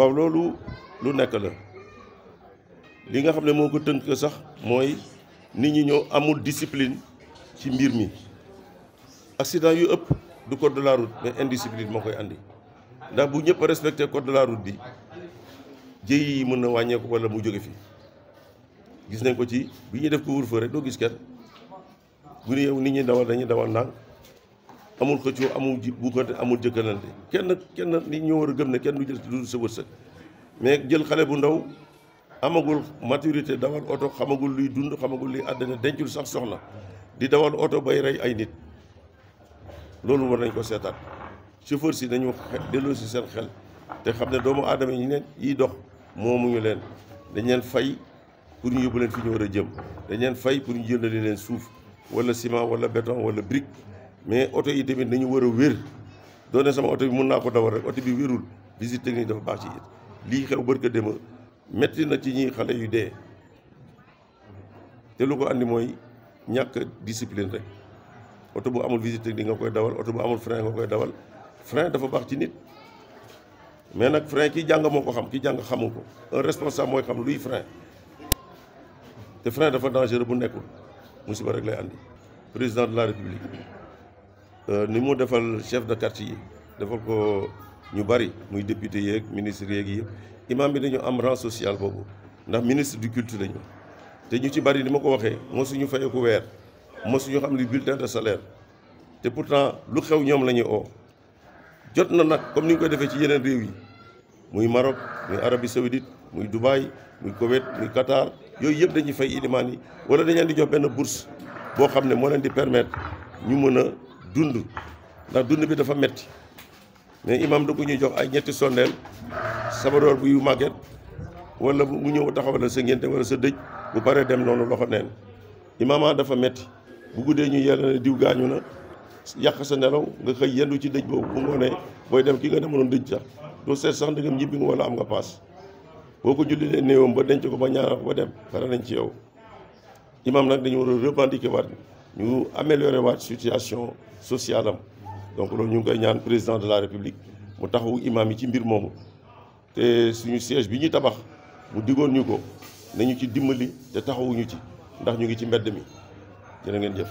waaw loolu lu nekk la li nga xam ne moo ko tënk sax mooy nit ñi ñëw amul discipline ci mbir mi accident yu ëpp du code de la route mais moo koy andi ndax bu ñëpp respecté code de la route bi jëy yi mën na wàññeeku wala mu jóge fi gis nañ ko ci bi ñuy def couvre-feu rek doo gis kenn bu ñu yow nit ñi dawal dañuy dawal ndànk amul xëccoo amul ji buggante amul jëkkalante kenn kenn nit ñoo war a gëm ne kenn lu jël du sa wërsëg mais jël xale bu ndaw amagul maturité dawal oto xamagul luy dund xamagul luy àddina dencul sax soxla di dawal oto bay rey ay nit loolu war nañ ko seetaat chauffeur si dañu nañu delloo si seen xel te xam ne doomu aadama yi ne yiy dox moomuñu leen dañ leen fay pour ñu yóbbu leen fi ñu war a jëm dañ leen fay pour ñu jëndali leen suuf wala ciment wala béton wala brique mais oto yi tamit nañu war a wér doone sama oto bi mun naa ko dawal rek oto bi wérul visite technique dafa baax ci it lii xew bërka dema metti na ci ñi xale yu dee te lu ko andi mooy ñàkk discipline rek oto bu amul visite technique nga koy dawal oto bu amul frein nga koy dawal frein dafa baax ci nit mais nag frein ki jàng moo ko xam ki jàng xamu ko un responsable mooy xam luy frein te frein dafa dangereux bu nekkul musiba rek lay àndi président de la république Euh, ni mu defal chef de quartier yi defal ko ñu bari muy député yeeg ministre yéegi yëpp imam bi dañu am rang social boobu ndax ministre du culte lañu te ñu ci bari ni ma ko waxee moo suñu mosuñu fayeku weer mosuñu xam li bulletin de salaire te pourtant lu xew ñoom la ñuy oo jot na nag comme ni ñu koy defee ci yeneen réew yi muy Maroc muy Arabie Saoudite muy Dubaï muy Koweït muy Qatar yooyu yëpp dañuy fay ilimaan yi wala dañ di jox benn bourse boo xam ne moo leen di permettre ñu mën a dund ndax dund bi dafa metti mais imam da ko ñuy jox ay ñetti sondeel sabadoor bu yu màgget wala mu ñëw taxawal sa ngénte walla sa dëj bu paree dem noonu loxo neen imaama dafa metti bu guddee ñu yàlla ne diw gaañu na yàq sa nelaw nga xëy yendu ci dëj boobu bu ngoonee booy dem ki nga demoon dëj sax doo seet sax ndegam ñibbi nga wala am nga paas boo ko julli leen néewam ba denc ko ba ñaanal ba dem pare nañ ci yow imam nag dañu war a revendiquer ñu améliorer waat situation sociale am donc loolu ñu ngi koy ñaan président de la république mu taxawu imaam yi ci mbir moomu te suñu siège bi ñuy tabax mu digoon ñu ko nañu ci dimbali te taxawuñu ci ndax ñu ngi ci mbedd mi jërë ngeen jëf